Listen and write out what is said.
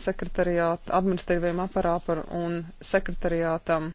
sekretariāta administratīviem aparāpam un sekretariātam.